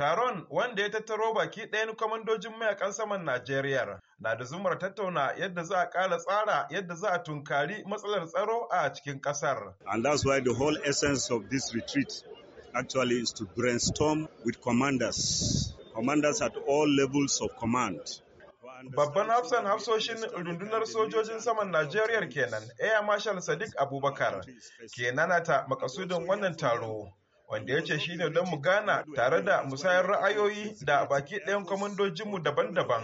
Taron, wanda ya tattaro baki ɗayan kwamandojin mayakan saman Najeriya, na da zumar tattauna yadda za a ƙara tsara yadda za a tunkari matsalar tsaro a cikin ƙasar. And that's why the whole essence of this retreat actually is to brainstorm with commanders, commanders at all levels of command. Babban hafsan hafsoshin rundunar sojojin saman Najeriya kenan, Air Marshal Sadiq Abubakar, ke nanata makasudin wannan taro. wanda ya ce ne don mu gana tare da musayar ra'ayoyi da baki ɗayan kwamandojinmu daban-daban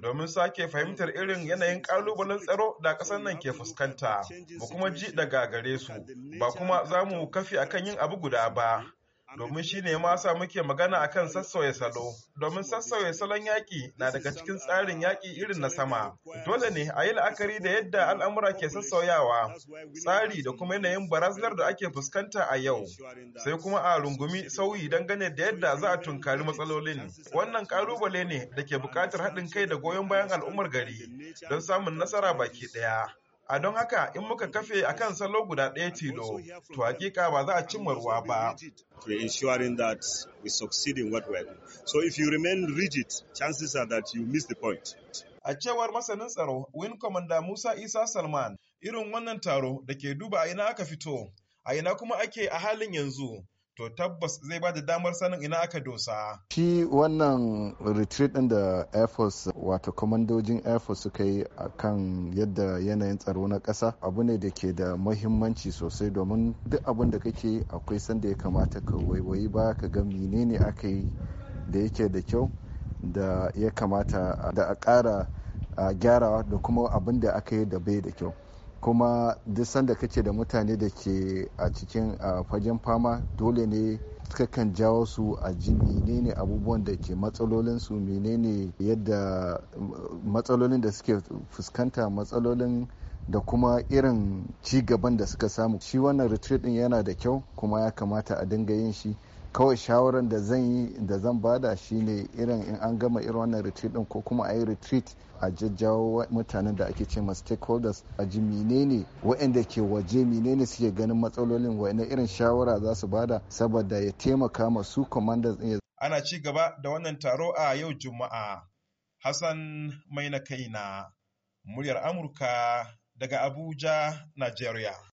domin sake fahimtar irin yanayin ƙalubalen tsaro da ƙasar nan ke fuskanta mu kuma ji daga gare su ba kuma za mu kafi akan yin abu guda ba domin shi ne masa muke magana a kan sassauye salo domin sassauye salon yaƙi na daga cikin tsarin yaƙi irin na sama dole ne a yi la'akari da yadda al'amura ke sassauyawa tsari da kuma yanayin barazanar da ake fuskanta a yau sai kuma a rungumi sauyi dangane da yadda za a tunkari matsalolin wannan ƙalubale ne da ke buƙatar haɗin kai da goyon bayan al'ummar gari don samun nasara baki ɗaya A don haka in muka kafe a kan salo guda ɗaya tilo, to hakika ba za a cimma ruwa ba. To ensuring that we succeed in what we are doing. So if you remain rigid, chances are that you miss the point. A cewar masanin tsaro, win Commander Musa Isa Salman, irin wannan taro da ke duba a ina aka fito, a ina kuma ake a halin yanzu. to tabbas zai ba da damar sanin ina aka dosa. Shi wannan retreat ɗin da Air Force wato kwamandojin Air Force suka yi a kan yadda yanayin tsaro na ƙasa abu ne da ke da mahimmanci sosai domin duk abin da kake akwai sanda ya kamata ka waiwayi ba ka ga menene aka yi da yake da kyau da ya kamata da a ƙara gyarawa da kuma abin da aka yi da bai da kyau. kuma duk sanda kake da mutane da ke a cikin fagen fama dole ne kakan jawo su a ji menene abubuwan da ke matsalolin su menene yadda matsalolin da suke fuskanta matsalolin da kuma irin ci gaban da suka samu shi wannan retreat din yana da kyau kuma ya kamata a dinga yin shi kawai shawarar da zan yi da zan bada shine irin in an gama irin wannan retreat din ko kuma a yi retreat a jajjawo mutanen da ake ce ma stakeholders a ji menene waɗanda ke waje menene suke ganin matsalolin wa'ina irin shawara za su bada saboda ya taimaka ma su commanders ɗin ana ci gaba da wannan taro a yau juma'a hassan mai na kaina muryar amurka daga abuja nigeria